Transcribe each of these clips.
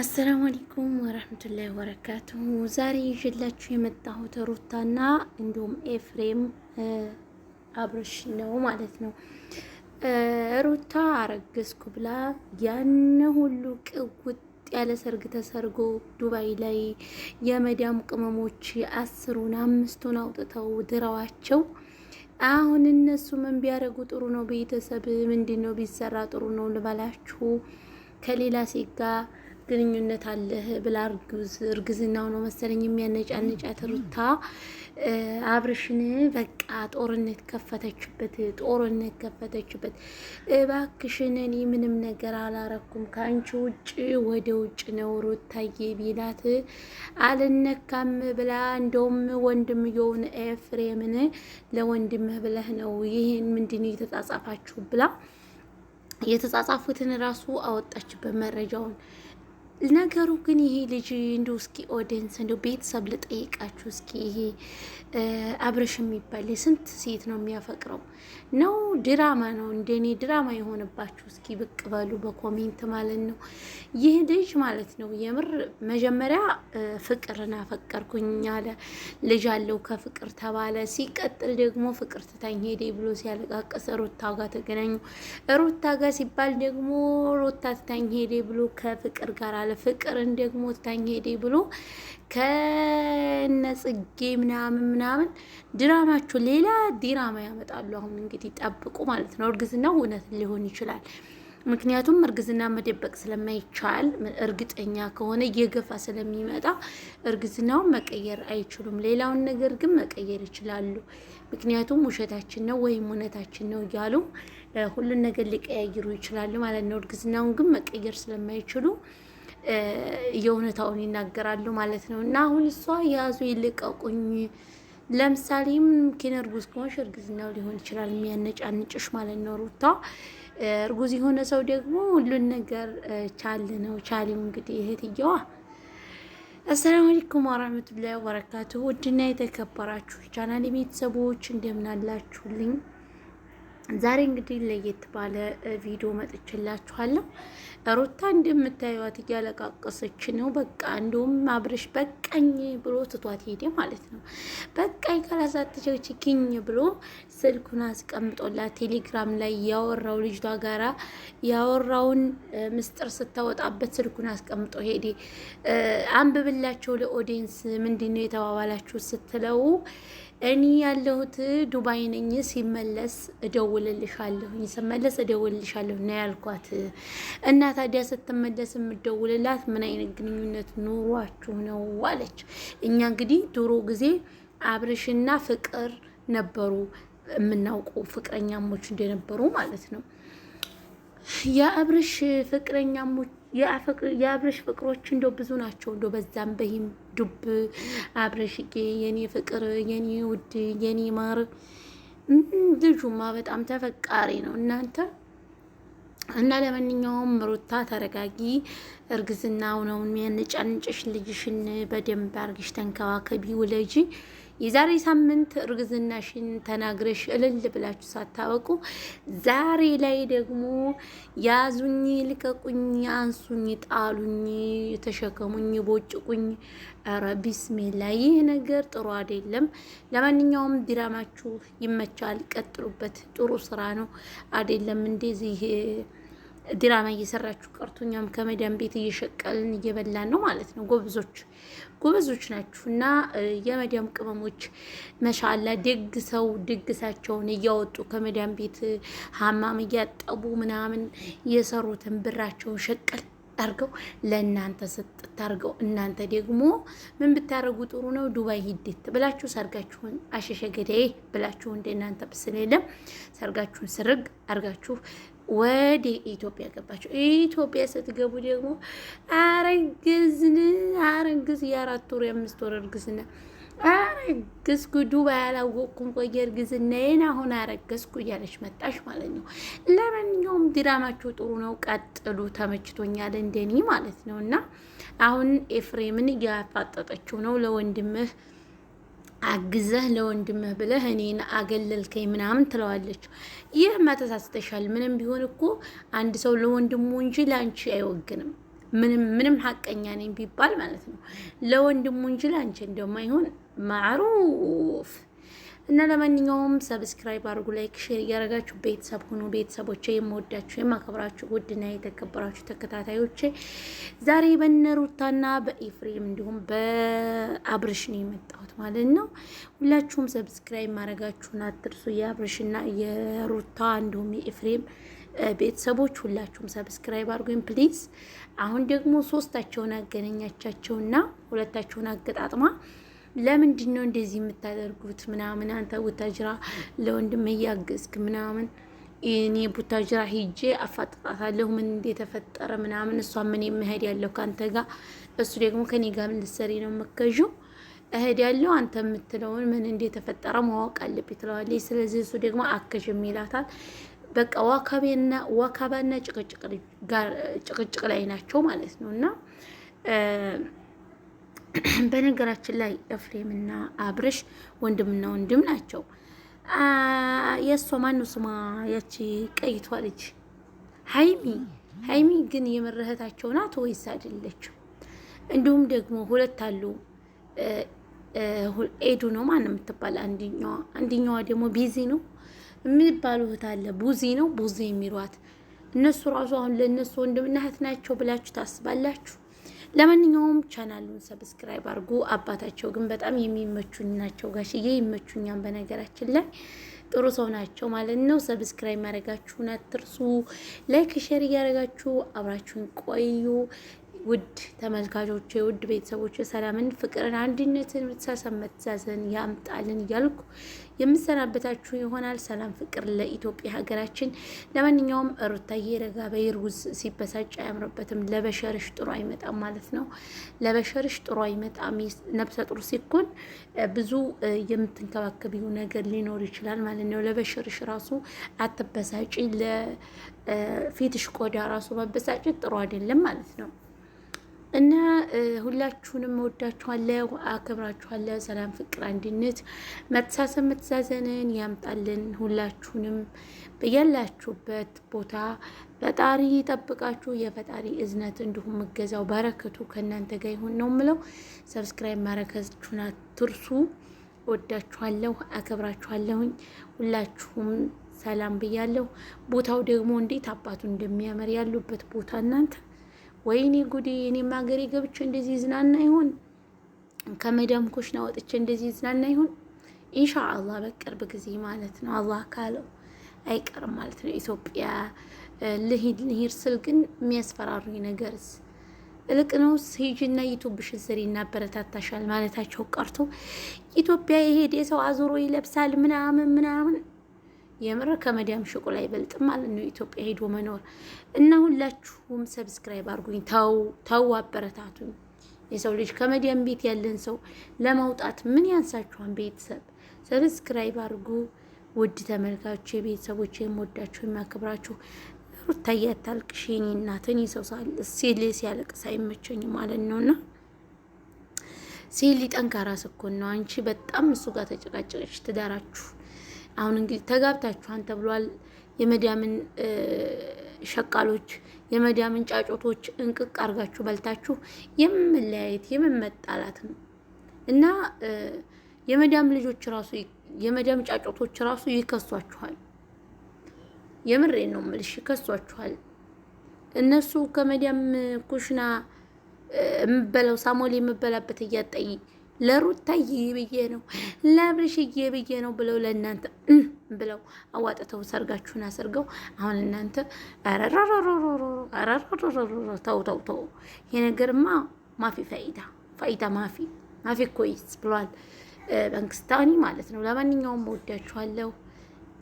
አሰላሙ አለይኩም ወረህመቱላሂ ወበረካቱሁ። ዛሬ ይዤላችሁ የመጣሁት ሩታና እንዲሁም ኤፍሬም አብርሽ ነው ማለት ነው። ሩታ አረገዝኩ ብላ ያን ሁሉ ቅውጥ ያለ ሰርግ ተሰርጎ ዱባይ ላይ የመዳም ቅመሞች አስሩን አምስቱን አውጥተው ድረዋቸው አሁን እነሱ ምን ቢያደርጉ ጥሩ ነው? ቤተሰብ ምንድን ነው ቢሰራ ጥሩ ነው ልባላችሁ ከሌላ ሴት ጋር ግንኙነት አለህ ብላ እርጉዝ እርግዝናው ነው መሰለኝ የሚያነጫነጫት ሩታ አብርሽን በቃ ጦርነት ከፈተችበት፣ ጦርነት ከፈተችበት። እባክሽን እኔ ምንም ነገር አላረኩም ከአንቺ ውጭ ወደ ውጭ ነው ሩታዬ ቢላት አልነካም ብላ እንደውም ወንድም ወንድምየውን ኤፍሬምን ለወንድምህ ብለህ ነው ይህን ምንድን የተጻጻፋችሁ ብላ የተጻጻፉትን ራሱ አወጣችበት መረጃውን ነገሩ ግን ይሄ ልጅ እንዲ እስኪ ኦዲየንስ እንዲ ቤተሰብ ልጠይቃችሁ እስኪ ይሄ አብረሽ የሚባል ስንት ሴት ነው የሚያፈቅረው? ነው ድራማ ነው? እንደኔ ድራማ የሆነባችሁ እስኪ ብቅ በሉ በኮሜንት ማለት ነው። ይህ ልጅ ማለት ነው የምር መጀመሪያ ፍቅርን አፈቀርኩኝ አለ፣ ልጅ አለው ከፍቅር ተባለ። ሲቀጥል ደግሞ ፍቅር ትታኝ ሄደ ብሎ ሲያለቃቀስ ሩታ ጋር ተገናኙ። ሩታ ጋር ሲባል ደግሞ ሩታ ትታኝ ሄደ ብሎ ከፍቅር ጋር አለ ፍቅርን ደግሞ ታኝ ሄዴ ብሎ ከነጽጌ ምናምን ምናምን ድራማችሁ ሌላ ዲራማ ያመጣሉ። አሁን እንግዲህ ጠብቁ ማለት ነው። እርግዝናው እውነት ሊሆን ይችላል። ምክንያቱም እርግዝና መደበቅ ስለማይቻል እርግጠኛ ከሆነ እየገፋ ስለሚመጣ እርግዝናውን መቀየር አይችሉም። ሌላውን ነገር ግን መቀየር ይችላሉ። ምክንያቱም ውሸታችን ነው ወይም እውነታችን ነው እያሉ ሁሉን ነገር ሊቀያይሩ ይችላሉ ማለት ነው። እርግዝናውን ግን መቀየር ስለማይችሉ የእውነታውን ይናገራሉ ማለት ነው። እና አሁን እሷ የያዙ ይልቀቁኝ። ለምሳሌም ኪን እርጉዝ ከሆንሽ እርግዝናው ሊሆን ይችላል የሚያነጫንጭሽ ማለት ነው ሩታ እርጉዝ የሆነ ሰው ደግሞ ሁሉን ነገር ቻል ነው ቻሊው እንግዲህ እህትየዋ አሰላሙ አለይኩም ወራህመቱላሂ ወበረካቱሁ። ውድና የተከበራችሁ ቻናል ቤተሰቦች እንደምን አላችሁልኝ? ዛሬ እንግዲህ ለየት ባለ ቪዲዮ መጥቼላችኋለሁ። ሩታ እንደምታዩት እያለቃቀሰች ነው። በቃ እንደውም አብርሽ በቃኝ ብሎ ትቷት ሄደ ማለት ነው። በቃኝ ካላሳተቸው ችግኝ ብሎ ስልኩን አስቀምጦላት ቴሌግራም ላይ ያወራው ልጅቷ ጋራ ያወራውን ምስጢር ስታወጣበት ስልኩን አስቀምጦ ሄደ። አንብብላቸው ለኦዲየንስ ምንድን ነው የተባባላችሁ ስትለው እኔ ያለሁት ዱባይ ነኝ፣ ሲመለስ እደውልልሻለሁኝ፣ ስመለስ እደውልልሻለሁ ነው ያልኳት። እና ታዲያ ስትመለስ የምደውልላት ምን አይነት ግንኙነት ኑሯችሁ ነው አለች። እኛ እንግዲህ ድሮ ጊዜ አብርሽና ፍቅር ነበሩ የምናውቁ ፍቅረኛሞች እንደነበሩ ማለት ነው የአብርሽ ፍቅረኛሞች የአብረሽ ፍቅሮች እንደ ብዙ ናቸው። እንደ በዛም በሂም ዱብ አብረሽቄ የኔ ፍቅር የኔ ውድ የኔ ማር ልጁማ በጣም ተፈቃሪ ነው እናንተ እና ለማንኛውም ሩታ ተረጋጊ። እርግዝናው ነው የሚያንጫንጭሽ። ልጅሽን በደንብ አርግሽ ተንከባከቢ፣ ውለጂ። የዛሬ ሳምንት እርግዝናሽን ተናግረሽ እልል ብላችሁ ሳታወቁ ዛሬ ላይ ደግሞ ያዙኝ፣ ልቀቁኝ፣ አንሱኝ፣ ጣሉኝ፣ ተሸከሙኝ፣ ቦጭቁኝ። ኧረ ቢስሜላ ይህ ነገር ጥሩ አይደለም። ለማንኛውም ዲራማችሁ ይመቻል፣ ቀጥሉበት። ጥሩ ስራ ነው አይደለም እንደዚህ ድራማ እየሰራችሁ ቀርቶ እኛም ከመዳን ቤት እየሸቀልን እየበላን ነው ማለት ነው። ጎበዞች ጎበዞች ናችሁ እና የመዳም ቅመሞች መሻላ ደግ ሰው ድግሳቸውን እያወጡ ከመዳን ቤት ሀማም እያጠቡ ምናምን የሰሩትን ብራቸውን ሸቀል አድርገው ለእናንተ ስጥት አድርገው እናንተ ደግሞ ምን ብታደረጉ ጥሩ ነው? ዱባይ ሂድት ብላችሁ ሰርጋችሁን አሸሸ ገዳዬ ብላችሁ እንደ እናንተ ብስል የለም ሰርጋችሁን ስርግ አርጋችሁ ወደ ኢትዮጵያ ገባችሁ። ኢትዮጵያ ስትገቡ ደግሞ አረግዝን አረግዝ የአራት ወር የአምስት ወር እርግዝና አረገዝኩ ዱባይ አላወቅኩም፣ ቆየ እርግዝናዬን አሁን አረገዝኩ እያለች መጣሽ ማለት ነው። ለማንኛውም ድራማቸው ጥሩ ነው፣ ቀጥሉ። ተመችቶኛል እንደኔ ማለት ነው። እና አሁን ኤፍሬምን እያፋጠጠችው ነው። ለወንድምህ አግዘህ ለወንድምህ ብለህ እኔን አገለልከኝ ምናምን ትለዋለች። ይህ መተሳስተሻል። ምንም ቢሆን እኮ አንድ ሰው ለወንድሙ እንጂ ለአንቺ አይወግንም። ምንም ምንም ሀቀኛ ነኝ ቢባል ማለት ነው ለወንድሙ እንጂ ለአንቺ እንደማይሆን ማዕሩፍ እና ለማንኛውም ሰብስክራይብ አድርጉ፣ ላይክ፣ ሼር እያደረጋችሁ ቤተሰብ ሁኑ። ቤተሰቦቼ የምወዳችሁ የማከብራችሁ ውድና የተከበራችሁ ተከታታዮቼ ዛሬ በነሩታና በኤፍሬም እንዲሁም በአብርሽ ነው የመጣሁት ማለት ነው። ሁላችሁም ሰብስክራይብ ማድረጋችሁን አትርሱ። የአብርሽና የሩታ እንዲሁም የኤፍሬም ቤተሰቦች ሁላችሁም ሰብስክራይብ አድርጉኝ ፕሊዝ። አሁን ደግሞ ሶስታቸውን አገናኛቻቸውና ሁለታቸውን አገጣጥማ ለምንድን ነው እንደዚህ የምታደርጉት? ምናምን አንተ ቡታጅራ ለወንድም እያገዝክ ምናምን እኔ ቡታጅራ ሂጄ አፋጥጣታለሁ። ምን እንደተፈጠረ ምናምን እሷ ምን የምሄድ ያለው ከአንተ ጋር እሱ ደግሞ ከኔ ጋር ምን ልትሰሪ ነው መከዡ እህድ ያለው አንተ የምትለውን ምን እንደተፈጠረ ማወቅ አለብኝ ትለዋለች። ስለዚህ እሱ ደግሞ አከዥም ይላታል። በቃ ዋካቤና ዋካባና ጭቅጭቅ ላይ ናቸው ማለት ነው እና በነገራችን ላይ ኤፍሬምና አብርሽ ወንድምና ወንድም ናቸው። የእሷ ማነው ስማ ያቺ ቀይቷ ልጅ ሀይሚ ሀይሚ ግን የመረህታቸው ናት ወይስ አይደለችም? እንዲሁም ደግሞ ሁለት አሉ። ኤዱ ነው ማን የምትባል አንድኛዋ፣ አንድኛዋ ደግሞ ቢዚ ነው የሚባሉ እህት አለ። ቡዚ ነው ቡዚ የሚሏት እነሱ ራሱ አሁን ለእነሱ ወንድምና እህት ናቸው ብላችሁ ታስባላችሁ? ለማንኛውም ቻናሉን ሰብስክራይብ አድርጉ። አባታቸው ግን በጣም የሚመቹኝ ናቸው። ጋሽዬ ይመቹኛን። በነገራችን ላይ ጥሩ ሰው ናቸው ማለት ነው። ሰብስክራይብ ማድረጋችሁን አትርሱ። ላይክ፣ ሼር እያደረጋችሁ አብራችሁን ቆዩ። ውድ ተመልካቾች፣ ውድ ቤተሰቦች ሰላምን፣ ፍቅርን፣ አንድነትን፣ መተሳሰብ፣ መተዛዘን ያምጣልን እያልኩ የምሰናበታችሁ ይሆናል። ሰላም ፍቅር ለኢትዮጵያ ሀገራችን። ለማንኛውም ሩታዬ ረጋ በይ። ሲበሳጭ አያምርበትም። ለበሸርሽ ጥሩ አይመጣም ማለት ነው። ለበሸርሽ ጥሩ አይመጣም። ነብሰ ጡር ሲኮን ብዙ የምትንከባከቢው ነገር ሊኖር ይችላል ማለት ነው። ለበሸርሽ ራሱ አትበሳጭ። ለፊትሽ ቆዳ ራሱ መበሳጭት ጥሩ አይደለም ማለት ነው። እና ሁላችሁንም ወዳችኋለሁ፣ አከብራችኋለሁ። ሰላም፣ ፍቅር፣ አንድነት፣ መተሳሰብ፣ መተዛዘንን ያምጣልን። ሁላችሁንም በያላችሁበት ቦታ ፈጣሪ ይጠብቃችሁ። የፈጣሪ እዝነት እንዲሁም እገዛው በረከቱ ከእናንተ ጋር ይሁን ነው ምለው ሰብስክራይብ ማድረጋችሁን አትርሱ። ወዳችኋለሁ፣ አከብራችኋለሁኝ። ሁላችሁም ሰላም ብያለሁ። ቦታው ደግሞ እንዴት አባቱ እንደሚያምር ያሉበት ቦታ እናንተ ወይኔ ጉዴ! እኔም ሀገሬ ገብቼ እንደዚህ ዝናና ይሆን? ከመዳም ኩሽና ወጥቼ እንደዚህ ዝናና ይሆን? ኢንሻአላህ በቅርብ ጊዜ ማለት ነው አላህ ካለው አይቀርም ማለት ነው። ኢትዮጵያ ልሂድ ልሂድ ስል ግን የሚያስፈራሩኝ ነገርስ እልቅ ነው ሂጂና ዩቱብሽን ስሪ እናበረታታሻል ማለታቸው ቀርቶ ኢትዮጵያ የሄደ ሰው አዙሮ ይለብሳል ምናምን ምናምን የምር ከመዲያም ሽቁ ላይ በልጥ ማለት ነው ኢትዮጵያ ሄዶ መኖር እና ሁላችሁም ሰብስክራይብ አድርጉኝ። ተው ተው፣ አበረታቱኝ። የሰው ልጅ ከመዲያም ቤት ያለን ሰው ለማውጣት ምን ያንሳችኋን? ቤተሰብ ሰብስክራይብ አድርጉ። ውድ ተመልካቾች፣ ቤተሰቦች፣ የምወዳችሁ የማክብራችሁ ሩታዬ አታልቅሽ የኔ እናት። እኔ ሲል ሲያለቅስ አይመቸኝ ማለት ነውና ሲል ጠንካራ ስኮን ነው። አንቺ በጣም እሱ ጋር ተጨቃጨቀች ትዳራችሁ አሁን እንግዲህ ተጋብታችኋን ተብሏል። የመዲያምን ሸቃሎች የመዲያምን ጫጮቶች እንቅቅ አርጋችሁ በልታችሁ የምንለያየት የምንመጣላት ነው እና የመዲያም ልጆች ራሱ የመዲያም ጫጮቶች ራሱ ይከሷችኋል። የምሬን ነው ምልሽ ይከሷችኋል። እነሱ ከመዲያም ኩሽና የምበላው ሳሞል የምበላበት እያጠይቅ ለሩታዬ ብዬ ነው ለብርሽዬ ብዬ ነው ብለው ለእናንተ ብለው አዋጥተው ሰርጋችሁን አሰርገው። አሁን እናንተ ተው ተው ተው፣ ይሄ ማፊ ማፊ ማፊ ኮይስ ብሏል መንግስታኒ ማለት ነው። ለማንኛውም ወዳችኋለሁ።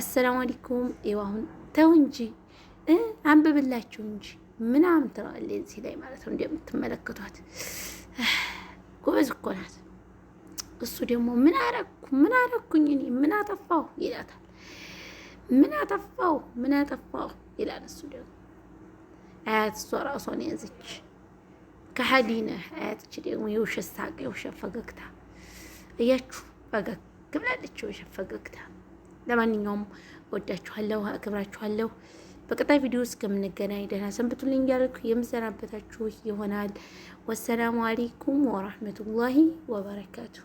አሰላሙ አለይኩም። ይኸው እንጂ አንብብላችሁ እንጂ ምናምን ትለዋለች እዚህ ላይ ማለት ነው እንደምትመለከቷት ጎበዝ እሱ ደግሞ ምን አረግኩ ምን አረግኩኝ እኔ ምን አጠፋሁ ይላታል። ምን አጠፋሁ ምን አጠፋሁ ይላል እሱ ደግሞ አያት እሷ ራሷን ያዘች። ከሀዲ ነህ አያትች ደግሞ የውሸት ሳቅ የውሸት ፈገግታ እያችሁ ፈገግ ብላለች። የውሸት ፈገግታ ለማንኛውም ወዳችኋለሁ፣ አክብራችኋለሁ። በቀጣይ ቪዲዮ እስከምንገናኝ ደህና ሰንብቱልኝ እያልኩ የምሰናበታችሁ ይሆናል። ወሰላሙ አሌይኩም ወራህመቱላሂ ወበረካቱ።